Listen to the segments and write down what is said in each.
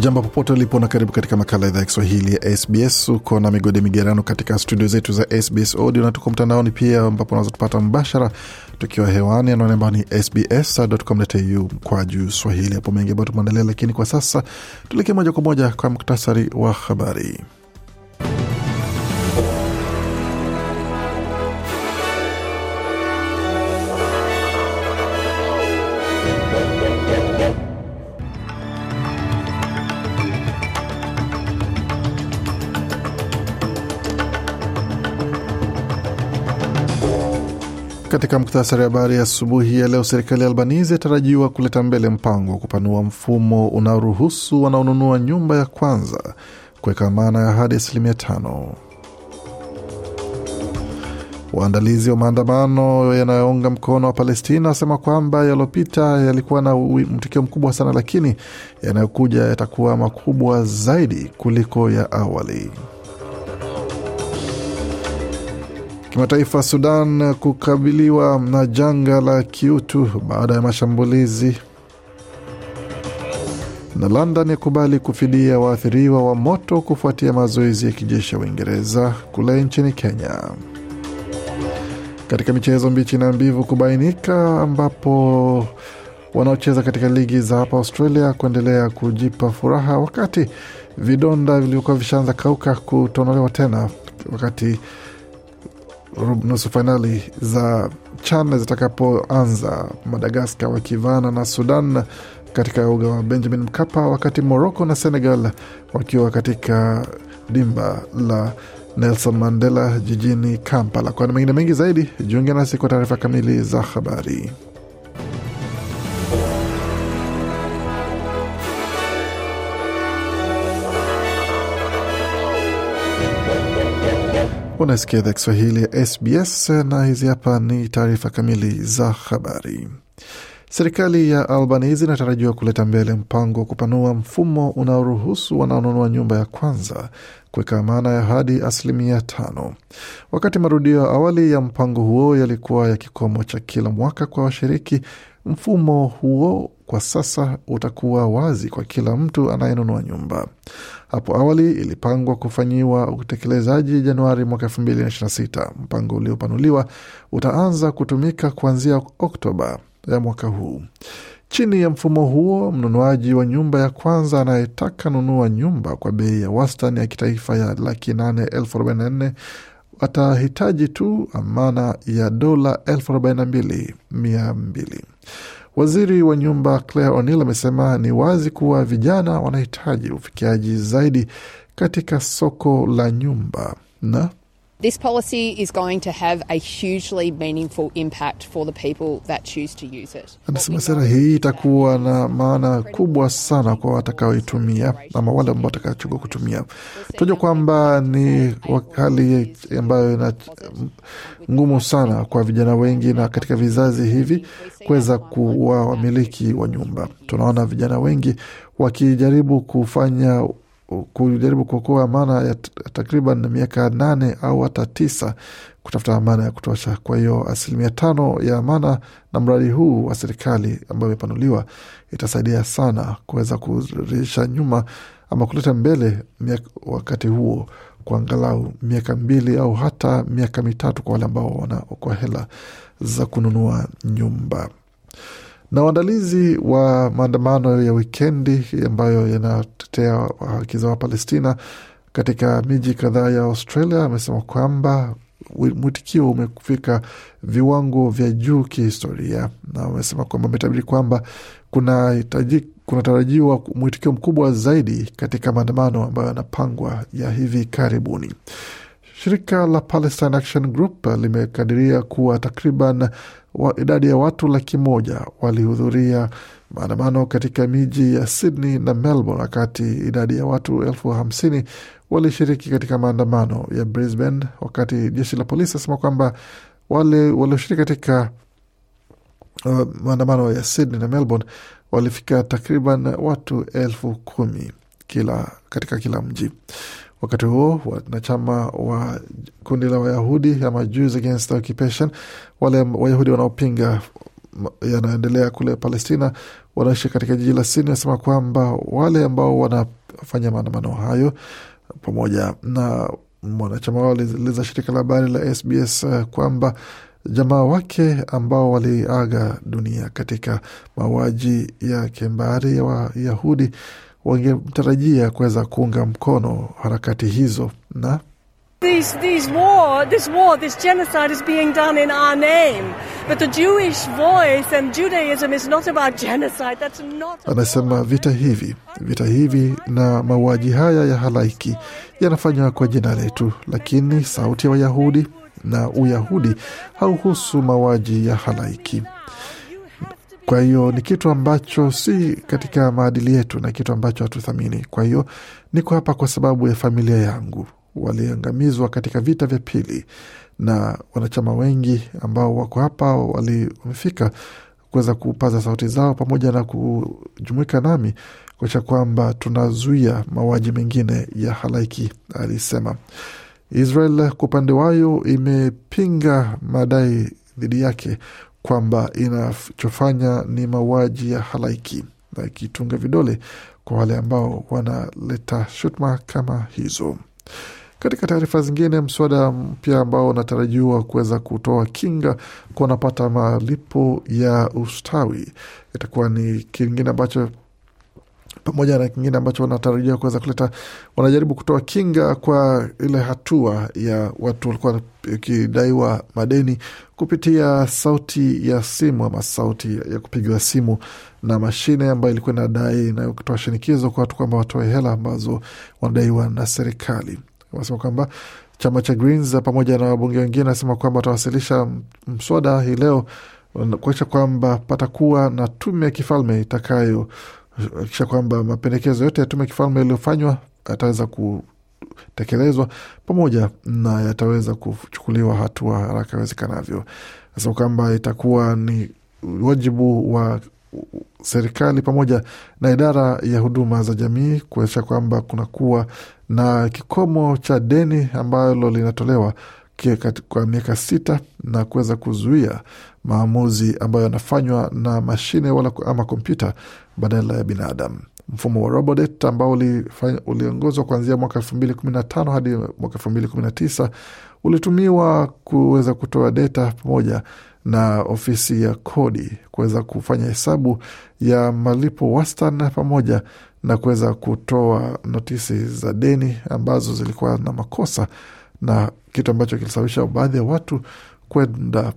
Jambo popote ulipo na karibu katika makala idhaa ya Kiswahili ya SBS. Uko na migode migerano katika studio zetu za SBS Audio na tuko mtandaoni pia, ambapo unaweza tupata mbashara tukiwa hewani, anwani ambayo ni sbs.com.au kwa juu swahili. Hapo mengi ambayo tumeandalia, lakini kwa sasa tuelekee moja kwa moja kwa muktasari wa habari. Katika muktasari wa habari asubuhi ya leo, serikali ya Albanizi yatarajiwa kuleta mbele mpango wa kupanua mfumo unaoruhusu wanaonunua nyumba ya kwanza kuweka amana ya hadi asilimia tano. Waandalizi wa maandamano yanayounga mkono wa Palestina wasema kwamba yaliyopita yalikuwa na mtukio mkubwa sana, lakini yanayokuja yatakuwa makubwa zaidi kuliko ya awali. Kimataifa, Sudan kukabiliwa na janga la kiutu baada ya mashambulizi. Na London yakubali kufidia waathiriwa wa moto kufuatia mazoezi ya kijeshi ya Uingereza kule nchini Kenya. Katika michezo, mbichi na mbivu kubainika, ambapo wanaocheza katika ligi za hapa Australia kuendelea kujipa furaha, wakati vidonda vilivyokuwa vishaanza kauka kutonolewa tena, wakati nusu fainali za chane zitakapoanza, Madagaskar wakivaana na Sudan katika uga wa Benjamin Mkapa, wakati Moroko na Senegal wakiwa katika dimba la Nelson Mandela jijini Kampala. Kwa na mengine mengi zaidi, jiunge nasi kwa taarifa kamili za habari. Unasikia idhaa Kiswahili ya SBS na hizi hapa ni taarifa kamili za habari. Serikali ya Albanese inatarajiwa kuleta mbele mpango wa kupanua mfumo unaoruhusu wanaonunua nyumba ya kwanza kuweka amana ya hadi asilimia tano, wakati marudio ya awali ya mpango huo yalikuwa ya kikomo cha kila mwaka kwa washiriki. Mfumo huo kwa sasa utakuwa wazi kwa kila mtu anayenunua nyumba. Hapo awali ilipangwa kufanyiwa utekelezaji Januari mwaka sita. Mpango uliopanuliwa utaanza kutumika kuanzia Oktoba ya mwaka huu. Chini ya mfumo huo, mnunuaji wa nyumba ya kwanza anayetaka nunua nyumba kwa bei ya wastani ya kitaifa ya laki nane elfu arobaini na nne atahitaji tu amana ya dola elfu arobaini na mbili mia mbili. Waziri wa nyumba Claire O'Neill amesema ni wazi kuwa vijana wanahitaji ufikiaji zaidi katika soko la nyumba na This policy is going to have a hugely meaningful impact for the people that choose to use it. Anasema sera hii itakuwa na maana kubwa sana kwa watakaoitumia ama wale ambao watakaochagua kutumia. Tunajua kwamba ni hali ambayo ina ngumu sana kwa vijana wengi na katika vizazi hivi kuweza kuwa wamiliki wa nyumba. Tunaona vijana wengi wakijaribu kufanya kujaribu kuokoa amana ya takriban miaka nane au hata tisa kutafuta amana ya kutosha. Kwa hiyo asilimia tano ya amana na mradi huu wa serikali ambayo imepanuliwa itasaidia sana kuweza kurudisha nyuma ama kuleta mbele wakati huo kwa angalau miaka mbili au hata miaka mitatu kwa wale ambao wanaokoa hela za kununua nyumba. Na waandalizi wa maandamano ya wikendi ambayo yanatetea haki za Wapalestina katika miji kadhaa ya Australia amesema kwamba mwitikio umefika viwango vya juu kihistoria, na wamesema kwamba ametabiri kwamba kunatarajiwa kuna mwitikio mkubwa zaidi katika maandamano ambayo yanapangwa ya hivi karibuni. Shirika la Palestine Action Group limekadiria kuwa takriban wa idadi ya watu laki moja walihudhuria maandamano katika miji ya Sydney na Melbourne, wakati idadi ya watu elfu hamsini walishiriki katika maandamano ya Brisbane, wakati jeshi la polisi asema kwamba wale walioshiriki katika uh, maandamano ya Sydney na Melbourne walifika takriban watu elfu kumi kila katika kila mji. Wakati huo wanachama wa kundi la Wayahudi ama Jews Against Occupation, wale Wayahudi wanaopinga yanaendelea kule Palestina wanaishi katika jiji la Sini, wanasema kwamba wale ambao wanafanya maandamano hayo pamoja na mwanachama wao alieleza shirika la habari la SBS eh, kwamba jamaa wake ambao waliaga dunia katika mauaji ya kimbari ya Wayahudi wangemtarajia kuweza kuunga mkono harakati hizo na Anasema vita hivi, vita hivi na mauaji haya ya halaiki yanafanywa kwa jina letu, lakini sauti ya Wayahudi na Uyahudi hauhusu mauaji ya halaiki. Kwa hiyo ni kitu ambacho si katika maadili yetu na kitu ambacho hatuthamini. Kwa hiyo niko hapa kwa sababu ya familia yangu, waliangamizwa katika vita vya pili, na wanachama wengi ambao wako hapa wamefika kuweza kupaza sauti zao pamoja na kujumuika nami kuacha kwamba tunazuia mauaji mengine ya halaiki, alisema. Israel kwa upande wayo imepinga madai dhidi yake kwamba inachofanya ni mauaji ya halaiki na ikitunga vidole kwa wale ambao wanaleta shutuma kama hizo. Katika taarifa zingine, mswada mpya ambao unatarajiwa kuweza kutoa kinga kwa wanapata malipo ya ustawi itakuwa ni kingine ambacho pamoja na kingine ambacho wanatarajia kuweza kuleta, wanajaribu kutoa kinga kwa ile hatua ya watu walikuwa wakidaiwa madeni kupitia sauti ya simu ama sauti ya kupigiwa simu na mashine ambayo ilikuwa inadai na kutoa shinikizo kwa watu kwamba watoe hela ambazo wanadaiwa na serikali. Wanasema kwamba chama cha Greens pamoja na wabunge wengine wanasema kwamba watawasilisha mswada hii leo kuakisha kwamba patakuwa na tume ya kifalme itakayo akikisha kwamba mapendekezo yote ya tume kifalme yaliyofanywa yataweza kutekelezwa pamoja na yataweza kuchukuliwa hatua haraka iwezekanavyo. Nasema kwamba itakuwa ni wajibu wa serikali pamoja na idara ya huduma za jamii kuonyesha kwamba kunakuwa na kikomo cha deni ambalo linatolewa kwa miaka sita na kuweza kuzuia maamuzi ambayo yanafanywa na mashine wala ama kompyuta badala ya binadamu. Mfumo wa robodet ambao uliongozwa kuanzia mwaka elfu mbili kumi na tano hadi mwaka elfu mbili kumi na tisa ulitumiwa kuweza kutoa data pamoja na ofisi ya kodi kuweza kufanya hesabu ya malipo wastan pamoja na kuweza kutoa notisi za deni ambazo zilikuwa na makosa na kitu ambacho kilisababisha baadhi ya watu kwenda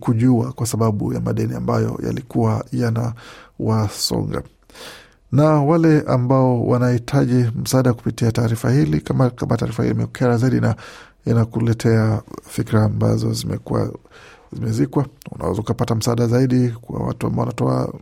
kujua kwa sababu ya madeni ambayo yalikuwa yanawasonga na wale ambao wanahitaji msaada kupitia taarifa hili, kama kama taarifa hii imekera zaidi na inakuletea fikra ambazo zimekuwa zimezikwa, unaweza ukapata msaada zaidi kwa watu ambao wanatoa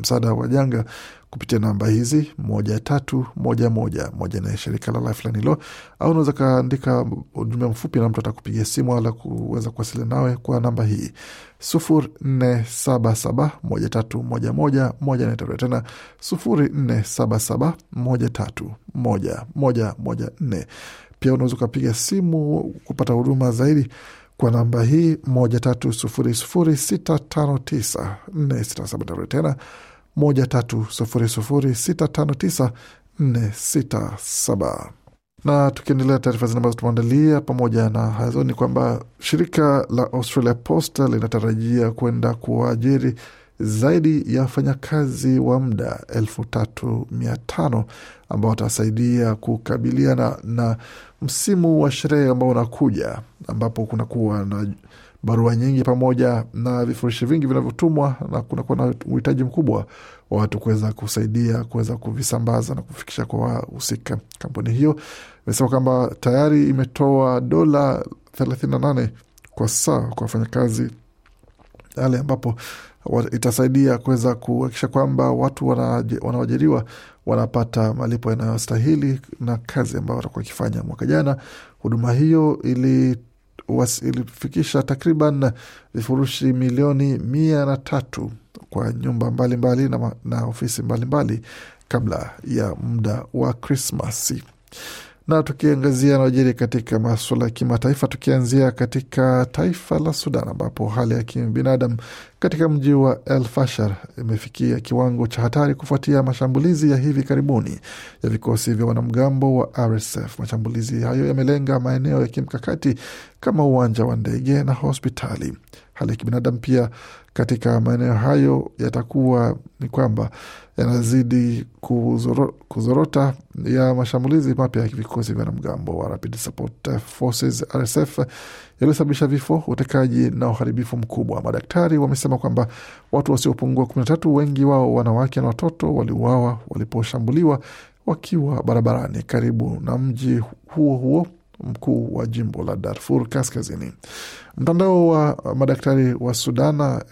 msaada wa janga kupitia namba hizi moja tatu moja moja moja na shirika la Lifeline hilo, au unaweza kaandika ujumbe mfupi na mtu atakupigia simu wala kuweza kuwasiliana nawe kwa namba hii sufuri nne saba saba moja tatu moja moja moja na tatu tena sufuri nne saba saba moja tatu moja moja moja nne. Pia unaweza ukapiga simu kupata huduma zaidi kwa namba hii 13006594673 tena 13006594667 na tukiendelea taarifa zile ambazo tumeandalia pamoja na hazo ni kwamba shirika la Australia Post linatarajia kwenda kuajiri zaidi ya wafanyakazi wa muda elfu tatu mia tano ambao watasaidia kukabiliana na msimu wa sherehe ambao unakuja, ambapo kunakuwa na barua nyingi pamoja na vifurushi vingi vinavyotumwa na kunakuwa na uhitaji mkubwa wa watu kuweza kusaidia kuweza kuvisambaza na kufikisha kwa wahusika. Kampuni hiyo imesema kwamba tayari imetoa dola 38 kwa saa kwa wafanyakazi, hali ambapo itasaidia kuweza kuhakikisha kwamba watu wanaoajiriwa wanapata malipo yanayostahili na kazi ambayo watakuwa wakifanya. Mwaka jana huduma hiyo ili was, ilifikisha takriban vifurushi milioni mia na tatu kwa nyumba mbalimbali mbali na, na ofisi mbalimbali mbali kabla ya muda wa Krismasi. Na tukiangazia yanayojiri katika maswala ya kimataifa, tukianzia katika taifa la Sudan ambapo hali ya kibinadamu katika mji wa El Fashar imefikia kiwango cha hatari kufuatia mashambulizi ya hivi karibuni ya vikosi vya wanamgambo wa RSF. Mashambulizi hayo yamelenga maeneo ya kimkakati kama uwanja wa ndege na hospitali hali ya kibinadamu pia katika maeneo hayo yatakuwa ni kwamba yanazidi kuzoro, kuzorota ya mashambulizi mapya ya vikosi vya wanamgambo wa Rapid Support Forces RSF yaliyosababisha vifo, utekaji na uharibifu mkubwa. Madaktari wamesema kwamba watu wasiopungua tatu, wengi wao wanawake na watoto waliuawa waliposhambuliwa wakiwa barabarani karibu na mji huo huo mkuu wa jimbo la Darfur Kaskazini. Mtandao wa madaktari wa Sudana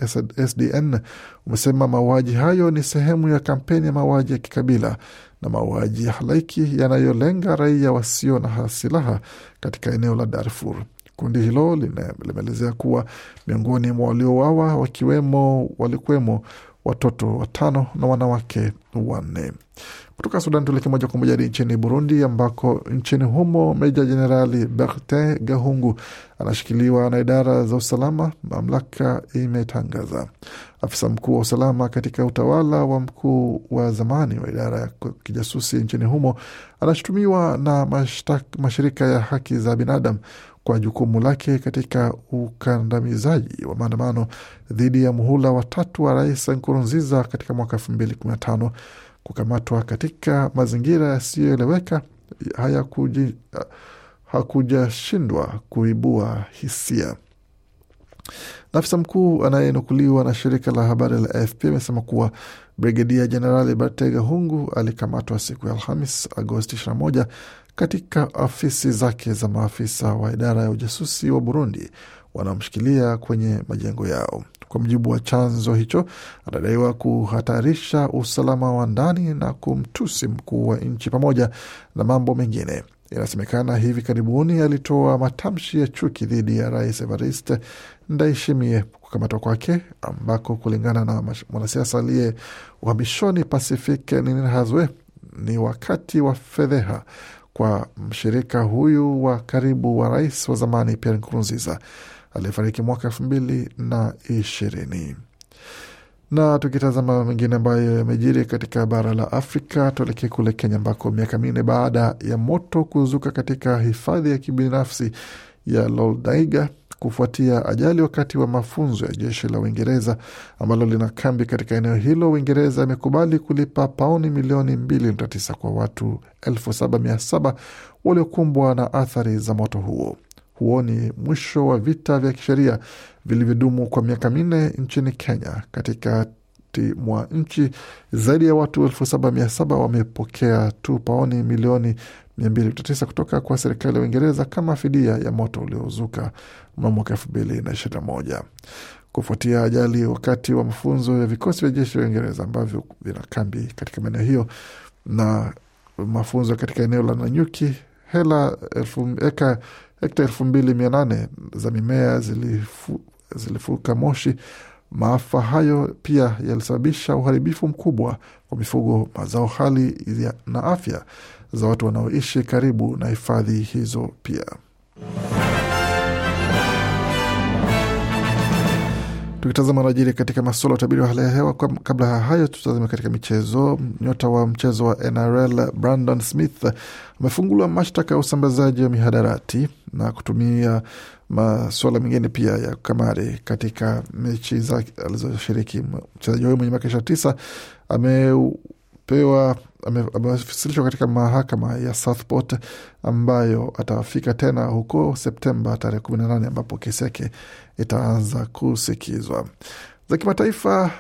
SDN umesema mauaji hayo ni sehemu ya kampeni ya mauaji ya kikabila na mauaji ya halaiki yanayolenga raia wasio na silaha katika eneo la Darfur. Kundi hilo limeelezea kuwa miongoni mwa waliouawa wakiwemo walikuwemo watoto watano na wanawake wanne. Kutoka Sudan tuleke moja kwa moja hadi nchini Burundi, ambako nchini humo Meja Jenerali Bertin Gahungu anashikiliwa na idara za usalama, mamlaka imetangaza. Afisa mkuu wa usalama katika utawala wa mkuu wa zamani wa idara ya kijasusi nchini humo anashutumiwa na mashirika ya haki za binadamu kwa jukumu lake katika ukandamizaji wa maandamano dhidi ya muhula watatu wa Rais Nkurunziza katika mwaka elfu mbili kumi na tano. Kukamatwa katika mazingira yasiyoeleweka hakujashindwa kuibua hisia na afisa mkuu anayenukuliwa na shirika la habari la AFP amesema kuwa Brigedia Jenerali Bartega Hungu alikamatwa siku ya Alhamis Agosti 21 katika afisi zake za maafisa wa idara ya ujasusi wa Burundi wanaomshikilia kwenye majengo yao. Kwa mujibu wa chanzo hicho, anadaiwa kuhatarisha usalama wa ndani na kumtusi mkuu wa nchi pamoja na mambo mengine. Inasemekana hivi karibuni alitoa matamshi ya chuki dhidi ya rais Evariste Ndayishimiye kukamatwa kwake, ambako kulingana na mwanasiasa aliye uhamishoni Pacific Ninhazwe ni wakati wa fedheha kwa mshirika huyu wa karibu wa rais wa zamani Pierre Nkurunziza aliyefariki mwaka elfu mbili na ishirini. Na tukitazama mengine ambayo yamejiri katika bara la Afrika, tuelekee kule Kenya ambako miaka minne baada ya moto kuzuka katika hifadhi ya kibinafsi ya Loldaiga kufuatia ajali wakati wa mafunzo ya jeshi la Uingereza ambalo lina kambi katika eneo hilo, Uingereza imekubali kulipa pauni milioni 2.9 kwa watu 7700 waliokumbwa na athari za moto huo ni mwisho wa vita vya kisheria vilivyodumu kwa miaka minne nchini Kenya. Katikati mwa nchi, zaidi ya watu elfu saba mia saba wamepokea tu paoni milioni 209 kutoka kwa serikali ya Uingereza kama fidia ya moto uliozuka mnamo mwaka moja kufuatia ajali wakati wa mafunzo ya vikosi vya jeshi la Uingereza ambavyo vina kambi katika maeneo hiyo na mafunzo katika eneo la Nanyuki. Hela eka Hekta elfu mbili mia nane za mimea zilifu, zilifuka moshi. Maafa hayo pia yalisababisha uharibifu mkubwa kwa mifugo, mazao, hali na afya za watu wanaoishi karibu na hifadhi hizo pia. Tukitazama najiri katika masuala ya utabiri wa hali ya hewa. Kabla ya hayo, tutazame katika michezo. Nyota wa mchezo wa NRL Brandon Smith amefunguliwa mashtaka ya usambazaji wa mihadarati na kutumia masuala mengine pia ya kamari katika mechi zake alizoshiriki. Mchezaji huyo mwenye miaka ishiri tisa amepewa amewasilishwa katika mahakama ya Southport ambayo atafika tena huko Septemba tarehe 18 ambapo kesi yake itaanza kusikizwa za kimataifa,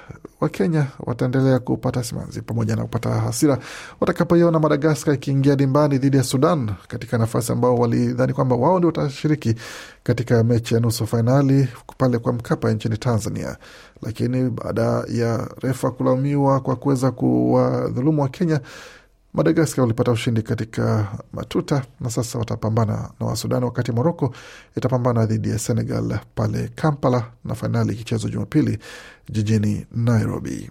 Wakenya wataendelea kupata simanzi pamoja na kupata hasira watakapoiona Madagaskar ikiingia dimbani dhidi ya Sudan katika nafasi ambao walidhani kwamba wao ndio watashiriki katika mechi ya nusu fainali pale kwa Mkapa nchini Tanzania, lakini baada ya refa kulaumiwa kwa kuweza kuwadhulumu Wakenya Madagaskar walipata ushindi katika matuta na sasa watapambana na Wasudani, wakati Moroko itapambana dhidi ya Senegal pale Kampala, na fainali ikichezwa Jumapili jijini Nairobi.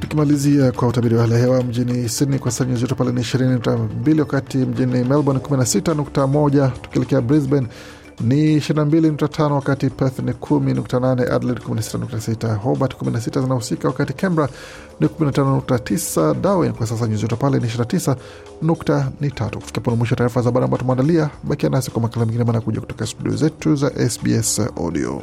Tukimalizia kwa utabiri wa hali ya hewa mjini Sydney kwa sasa nyuzi joto pale ni 22, wakati mjini Melbourne 16.1, tukielekea Brisbane ni 22.5, wakati Perth ni 10.8, Adelaide 16.6, Hobart 16 zinahusika, wakati Canberra ni 15.9, Darwin kwa sasa nyuzi joto pale ni 29.3. Kufika pona mwisho taarifa za habari ambayo tumeandalia, bakia nasi kwa makala mengine manakuja kutoka studio zetu za SBS Audio.